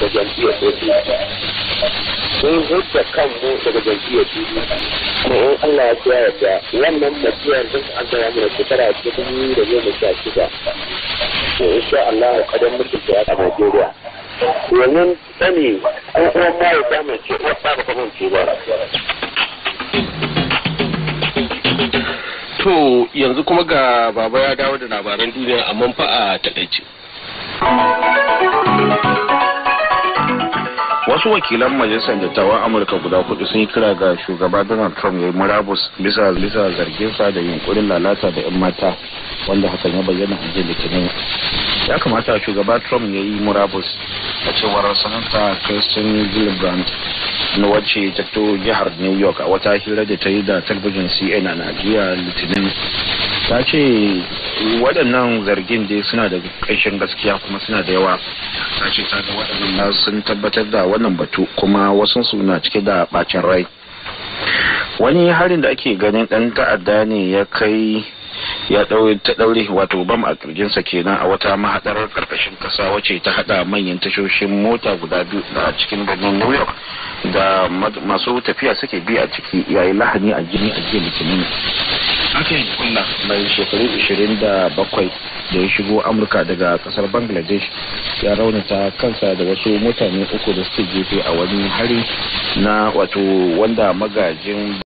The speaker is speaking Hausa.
da jam'iyyar daga jam'iyyar Ko in Allah ya wannan an gaya mana shekara da goma sha shida. To insha Allah kadan a Najeriya. Domin sani ko kuma yanzu kuma ga baba ya dawo da labaran duniya amma fa a takaice. wasu wakilan majalisar dattawan amurka guda hudu sun yi kira ga shugaba donald trump ya yi murabus bisa bisa zarginsa da yunkurin lalata da 'yan mata wanda hakan ya bayyana a jin litinin ya kamata shugaba trump ya yi murabus a cewar sanata kirsten gillibrand na wacce ta to jihar new york a wata hira da ta yi da talabijin cn a najeriya litinin ta ce waɗannan zargin dai suna da ƙanshin gaskiya kuma suna da yawa sace ta ga waɗannan sun tabbatar da wannan batu kuma wasu suna cike da ɓacin rai wani harin da ake ganin ɗan ta'adda ne ya kai ya ta ɗaure wato bam a kirjinsa kenan a wata mahaɗar ƙarƙashin ƙasa wacce ta haɗa manyan tashoshin mota guda biyu a cikin birnin new york da masu tafiya suke bi a ciki yayi lahani a jini a jiya litinin mai shekaru 27 da ya shigo amurka daga kasar bangladesh ya raunata kansa da wasu mutane uku da suke jefe a wani hari na wato wanda magajin